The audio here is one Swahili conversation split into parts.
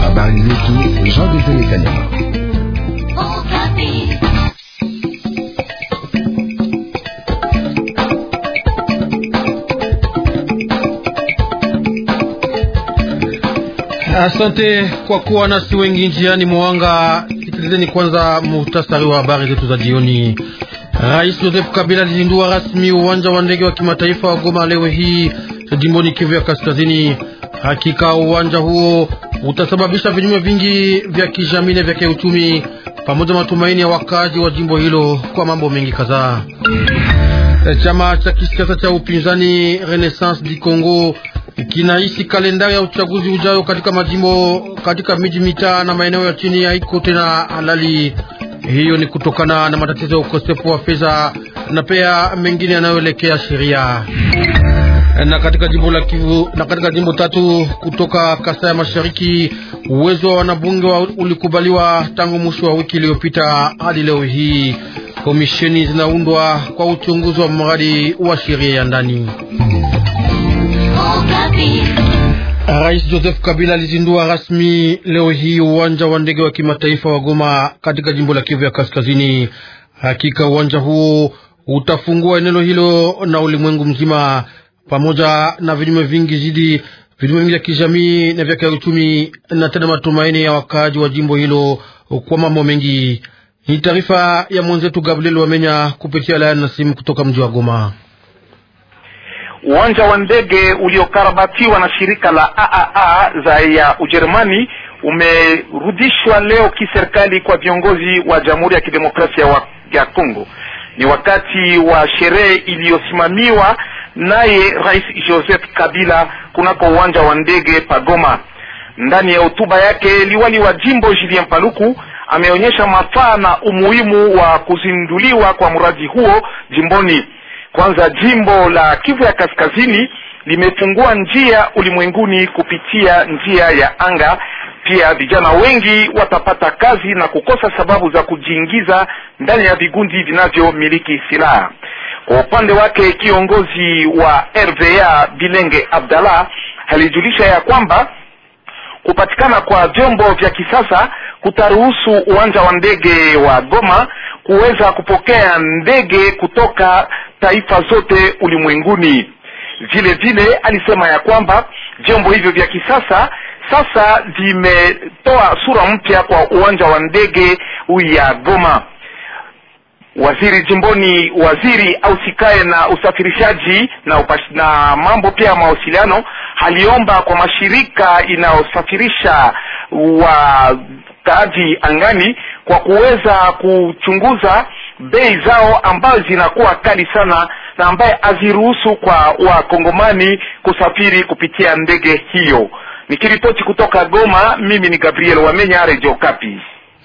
Habari zetu Jean Desire Kanyama. Asante kwa kuwa nasi wengi njiani mwanga. Sikilizeni kwanza muhtasari wa habari zetu za jioni. Rais Joseph Kabila alizindua rasmi uwanja wa ndege wa kimataifa wa Goma leo hii jimboni Kivu ya Kaskazini. Hakika uwanja huo utasababisha vinyume vingi vya kijamii na vya kiuchumi, pamoja na matumaini ya wakazi wa jimbo hilo kwa mambo mengi kadhaa. Chama cha kisiasa cha upinzani Renaissance du Congo kinaishi kalendari ya uchaguzi ujayo katika majimbo, katika miji mitaa na maeneo ya chini haiko tena halali. Hiyo ni kutokana na matatizo ya ukosefu wa fedha na pea mengine yanayoelekea sheria na katika jimbo la Kivu na katika jimbo tatu kutoka Kasai ya Mashariki, uwezo wa wanabunge wa ulikubaliwa tangu mwisho wa wiki iliyopita hadi leo hii. Komisheni zinaundwa kwa uchunguzi wa mradi wa sheria ya ndani. Rais Joseph Kabila alizindua rasmi leo hii uwanja wa ndege wa kimataifa wa Goma katika jimbo la Kivu ya Kaskazini. Hakika uwanja huo utafungua eneo hilo na ulimwengu mzima pamoja na vinyume vingi zidi vinyume vingi vya kijamii na vya kiuchumi na tena matumaini ya wakaaji wa jimbo hilo kwa mambo mengi. Ni taarifa ya mwenzetu Gabriel Wamenya kupitia laini na simu kutoka mji wa Goma. Uwanja wa ndege uliokarabatiwa na shirika la AAA za ya Ujerumani umerudishwa leo kiserikali kwa viongozi wa Jamhuri ya Kidemokrasia ya Kongo. Ni wakati wa sherehe iliyosimamiwa naye Rais Joseph Kabila kunako uwanja wa ndege Pagoma. Ndani ya hotuba yake, liwali wa jimbo Julien Paluku ameonyesha mafaa na umuhimu wa kuzinduliwa kwa mradi huo jimboni. Kwanza, jimbo la Kivu ya Kaskazini limefungua njia ulimwenguni kupitia njia ya anga. Pia vijana wengi watapata kazi na kukosa sababu za kujiingiza ndani ya vigundi vinavyomiliki silaha. Kwa upande wake kiongozi wa RVA Bilenge Abdallah alijulisha ya kwamba kupatikana kwa vyombo vya kisasa kutaruhusu uwanja wa ndege wa Goma kuweza kupokea ndege kutoka taifa zote ulimwenguni. Vile vile alisema ya kwamba vyombo hivyo vya kisasa sasa vimetoa sura mpya kwa uwanja wa ndege ya Goma waziri jimboni, waziri ausikae na usafirishaji na, upash, na mambo pia ya mawasiliano aliomba kwa mashirika inayosafirisha wakaaji angani kwa kuweza kuchunguza bei zao ambazo zinakuwa kali sana na ambaye aziruhusu kwa wakongomani kusafiri kupitia ndege hiyo. Nikiripoti kutoka Goma, mimi ni Gabriel Wamenya, Radio kapis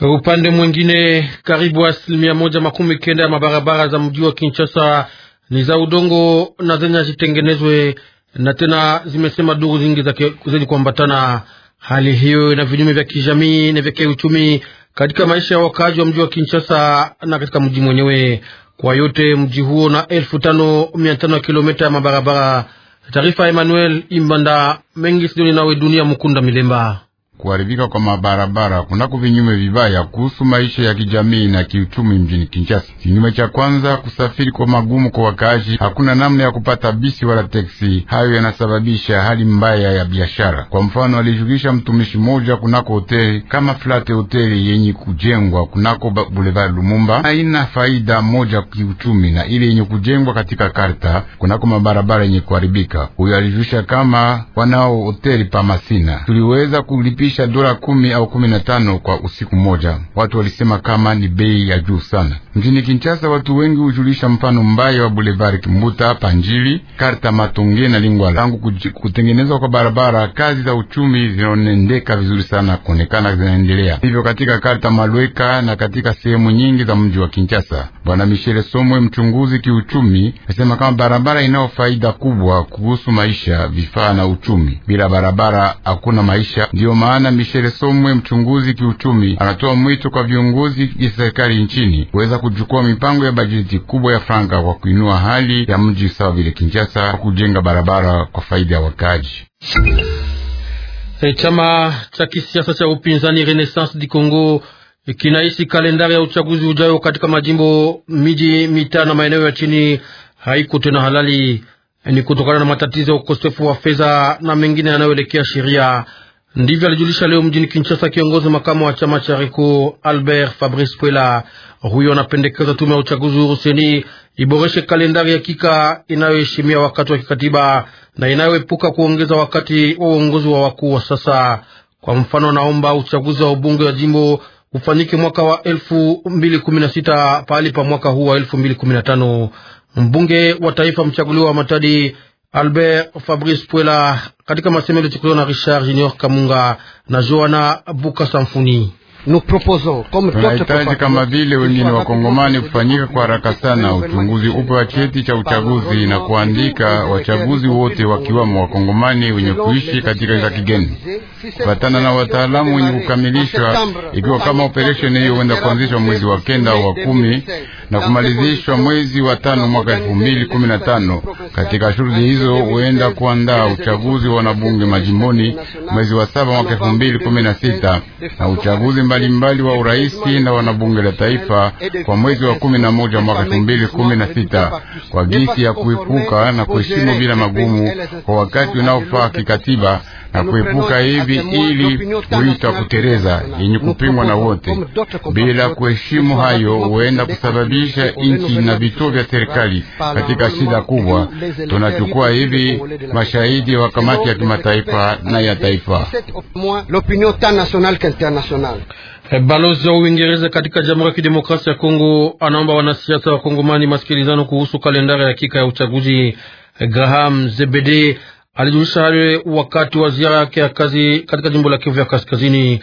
Upande mwingine karibu asilimia moja makumi kenda ya mabarabara za mji wa Kinshasa ni za udongo na zenye zitengenezwe na tena, zimesema duru zingi zenye kuambatana. Hali hiyo na vinyume vya kijamii na vya kiuchumi katika maisha ya wakaaji wa mji wa Kinshasa na katika mji mwenyewe kwa yote. Mji huo na elfu tano mia tano ya kilomita ya mabarabara. Taarifa ya Emmanuel Imbanda Mengi Sidoni, nawe Dunia Mukunda Milemba kuharibika kwa mabarabara kunako vinyume vibaya kuhusu maisha ya kijamii na kiuchumi mjini Kinshasa. Kinyume cha kwanza, kusafiri kwa magumu kwa wakaaji, hakuna namna ya kupata bisi wala teksi. Hayo yanasababisha hali mbaya ya biashara. Kwa mfano, alijulisha mtumishi mmoja kunako hoteli kama Flate hoteli yenye kujengwa kunako Boulevard Lumumba haina faida moja kiuchumi na ile yenye kujengwa katika karta kunako mabarabara yenye kuharibika. Huyo alijulisha kama wanao hoteli pa Masina tuliweza kulipisha kulipisha dola kumi au kumi na tano kwa usiku mmoja. Watu walisema kama ni bei ya juu sana. Mjini Kinshasa, watu wengi hujulisha mfano mbaya wa Boulevard Kimbuta, Panjili, Karta, Matonge na Lingwala. Tangu kutengenezwa kwa barabara, kazi za uchumi zinaonendeka vizuri sana, kuonekana zinaendelea hivyo katika Karta Malweka na katika sehemu nyingi za mji wa Kinshasa. Bwana Michele Somwe, mchunguzi kiuchumi, asema kama barabara inayo faida kubwa kuhusu maisha, vifaa na uchumi. Bila barabara hakuna maisha, ndiyo maana Bwana Michele Somwe, mchunguzi kiuchumi, anatoa mwito kwa viongozi vya serikali nchini kuweza kuchukua mipango ya bajeti kubwa ya franka kwa kuinua hali ya mji sawa vile Kinshasa kwa kujenga barabara kwa faida ya wakaji. Eh, chama cha kisiasa cha upinzani Renaissance di Congo eh, kinaishi kalendari ya uchaguzi ujayo katika majimbo, miji, mitaa na maeneo ya chini haiko tena halali. Eh, ni kutokana na matatizo ya ukosefu wa fedha na mengine yanayoelekea sheria. Ndivyo alijulisha leo mjini Kinshasa kiongozi makamu wa chama cha Riko Albert Fabrice Pwela. Huyo anapendekeza tume ya uchaguzi huru seni iboreshe kalendari ya kika inayoheshimia wakati wa kikatiba na inayoepuka kuongeza wakati wa uongozi wa wakuu wa sasa. Kwa mfano, anaomba uchaguzi wa ubunge wa jimbo ufanyike mwaka wa elfu mbili kumi na sita pahali pa mwaka huu wa elfu mbili kumi na tano. Mbunge wa taifa mchaguliwa wa Matadi Albert Fabrice puela katika masemelo chukuliwa na Richard Junior Kamunga na Joana Buka Samfuni tunahitaji kama vile wengine wakongomani kufanyika kwa haraka sana uchunguzi upe wa cheti cha uchaguzi na kuandika wachaguzi wote wakiwamo wakongomani wenye kuishi katika za kigeni, kufatana na wataalamu wenye kukamilishwa, ikiwa kama operesheni hiyo huenda kuanzishwa mwezi wa kenda au wa kumi na kumalizishwa mwezi wa tano mwaka elfu mbili kumi na tano. Katika shughuli hizo huenda kuandaa uchaguzi wa wanabunge majimboni mwezi wa saba mwaka elfu mbili kumi na sita na uchaguzi mbalimbali wa uraisi na wanabunge la taifa kwa mwezi wa kumi na moja mwaka elfu mbili kumi na sita kwa gisi ya kuepuka na kuheshimu bila magumu kwa wakati unaofaa kikatiba na kuepuka hivi ili kuitwa kutereza yenye kupingwa na wote. Bila kuheshimu hayo, huenda kusababisha nchi na vituo vya serikali katika shida kubwa. Tunachukua hivi mashahidi wa kamati ya kimataifa na ya taifa. Eh, balozi wa Uingereza katika Jamhuri ya Kidemokrasia ya Kongo anaomba wanasiasa wa Kongomani masikilizano kuhusu kalendari ya hakika ya uchaguzi. Eh, Graham Zebede alijulisha hayo wakati wa ziara yake ya kazi katika jimbo la Kivu ya Kaskazini.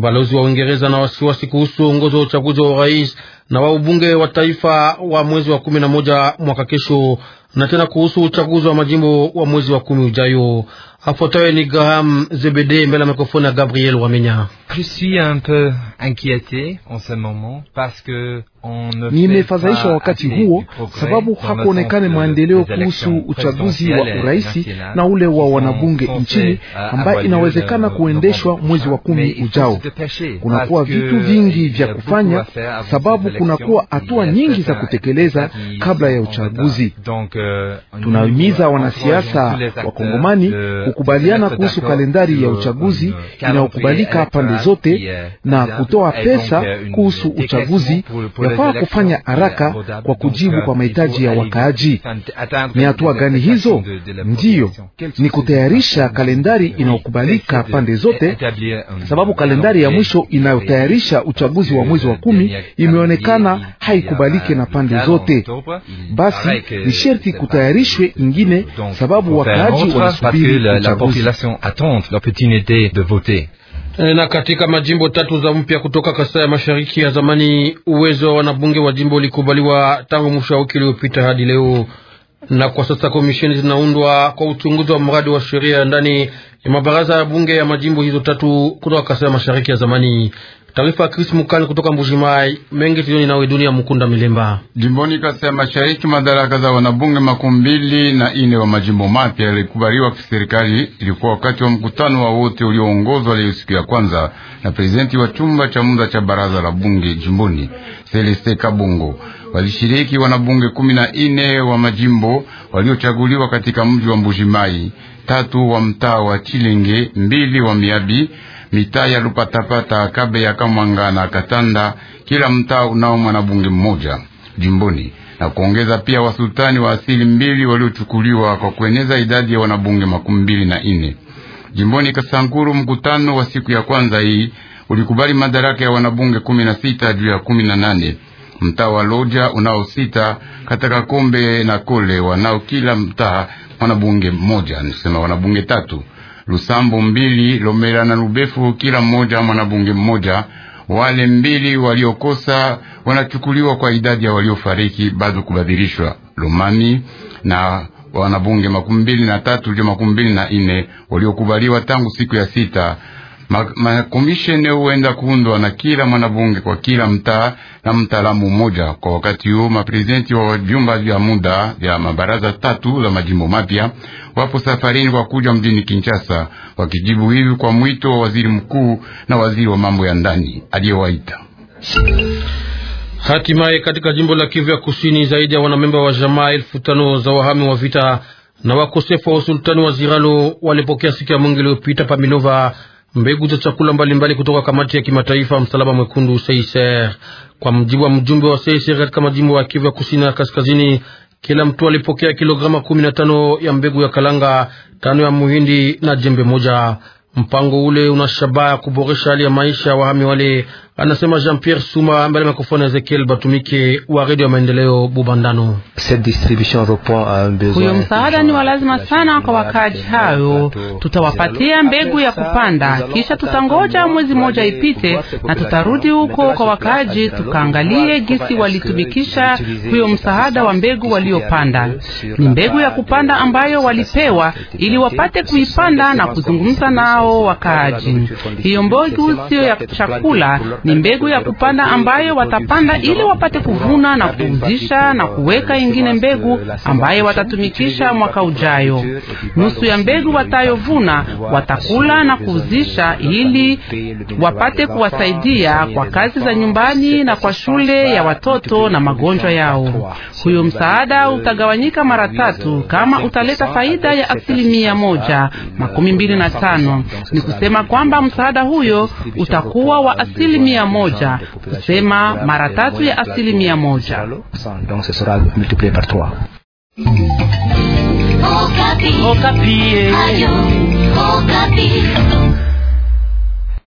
Balozi wa Uingereza na wasiwasi kuhusu uongozi wa uchaguzi wa urais na wa ubunge wa taifa wa mwezi wa kumi na moja mwaka kesho, na tena kuhusu uchaguzi wa majimbo wa mwezi wa kumi ujayo. Hafuatayo ni Graham Zebede mbele ya mikrofoni ya Gabriel Waminya. moment nimefadhaishwa wakati huo sababu hakuonekane maendeleo kuhusu uchaguzi wa uraisi na ule wa wanabunge nchini ambaye inawezekana euh, kuendeshwa mwezi wa kumi ujao. Kunakuwa vitu vingi vya kufanya, sababu kunakuwa hatua nyingi za kutekeleza kabla ya uchaguzi. Euh, Tunahimiza wanasiasa wakongomani kukubaliana kuhusu kalendari ya uchaguzi inayokubalika pande zote na kutoa pesa kuhusu uchaguzi, yafaa kufanya haraka kwa kujibu kwa mahitaji ya wakaaji. Ni hatua gani hizo? Ndiyo, ni kutayarisha kalendari inayokubalika pande zote, sababu kalendari ya mwisho inayotayarisha uchaguzi wa mwezi wa kumi imeonekana haikubaliki na pande zote. Basi ni sherti kutayarishwe ingine, sababu wakaaji wanasubiri la population attend l'opportunité de voter. Eh, na katika majimbo tatu za mpya kutoka Kasai ya Mashariki ya zamani, uwezo wa wanabunge wa jimbo ulikubaliwa tangu mwisho wa wiki iliyopita hadi leo, na kwa sasa komisheni zinaundwa kwa uchunguzi wa mradi wa sheria ndani ya mabaraza ya bunge ya majimbo hizo tatu kutoka Kasai ya Mashariki ya zamani. Taarifa ya Chris Mukani kutoka Mbushimai mengi tuyoni nawe dunia Mukunda Milemba. Jimboni Kasai Mashariki, madaraka za wanabunge makumi mbili na ine wa majimbo mapya yalikubaliwa kiserikali. Ilikuwa wakati wa mkutano wa wote ulioongozwa leo siku ya kwanza na prezidenti wa chumba cha muda cha baraza la bunge jimboni Celeste Kabongo. Walishiriki wanabunge kumi na ine wa majimbo waliochaguliwa katika mji wa Mbushimai, tatu wa mtaa wa Chilenge, mbili wa Miabi mitaa ya Lupatapata, ya Kamwanga na Katanda, kila mtaa unao mwanabunge mmoja jimboni na kuongeza pia wasultani wa asili mbili waliochukuliwa kwa kueneza idadi ya wanabunge makumi mbili na ine jimboni Kasankuru. Mkutano wa siku ya kwanza hii ulikubali madaraka ya wanabunge kumi na sita juu ya kumi na nane mtaa wa Loja unao sita kataka Kombe na Kole wanao kila mtaa wanabunge mmoja, nisema wanabunge tatu Lusambo mbili, Lomela na Lubefu, kila mmoja mwanabunge mmoja. Wale mbili waliokosa wanachukuliwa kwa idadi ya waliofariki bado kubadilishwa. Lomami na wanabunge makumi mbili na tatu ndio makumi mbili na nne waliokubaliwa tangu siku ya sita makomishene ma huenda kuundwa na kila mwanabunge kwa kila mtaa na mtaalamu mmoja kwa wakati huo. Maprezidenti wa vyumba vya muda vya mabaraza tatu za majimbo mapya wapo safarini kwa kuja mjini Kinshasa, wakijibu hivi kwa mwito wa waziri mkuu na waziri wa mambo ya ndani aliyowaita. Hatimaye katika jimbo la Kivu ya Kusini, zaidi ya wanamemba wa jamaa elfu tano za wahami wa vita na wakosefu wa usultani wa Ziralo walipokea siku ya Mungu iliyopita pa Minova mbegu za chakula mbalimbali mbali kutoka kamati ya kimataifa msalaba mwekundu CICR. Kwa mjibu wa mjumbe wa CICR katika majimbo ya Kivu ya kusini na kaskazini, kila mtu alipokea kilograma kumi na tano ya mbegu ya kalanga, tano ya muhindi na jembe moja. Mpango ule una shabaha ya kuboresha hali ya maisha ya wahami wale anasema Jean Pierre Suma mbele mikrofoni ya Ezekiel Batumike wa redio ya maendeleo Bubandano. Huyo msaada ni wa lazima sana kwa wakaaji hayo. Tutawapatia mbegu ya kupanda, kisha tutangoja mwezi mmoja ipite na tutarudi huko kwa wakaaji, tukaangalie gisi walitumikisha huyo msaada wa mbegu waliopanda. Ni mbegu ya kupanda ambayo walipewa ili wapate kuipanda na kuzungumza nao wakaaji. Hiyo mbegu siyo ya chakula ni mbegu ya kupanda ambayo watapanda ili wapate kuvuna na kuuzisha na kuweka ingine mbegu ambayo watatumikisha mwaka ujayo. Nusu ya mbegu watayovuna watakula na kuuzisha ili wapate kuwasaidia kwa kazi za nyumbani na kwa shule ya watoto na magonjwa yao. Huyo msaada utagawanyika mara tatu kama utaleta faida ya asilimia moja makumi mbili na tano. Ni kusema kwamba msaada huyo utakuwa wa asilimia asilimia moja kusema mara tatu ya asilimia moja. Okapi. Okapi.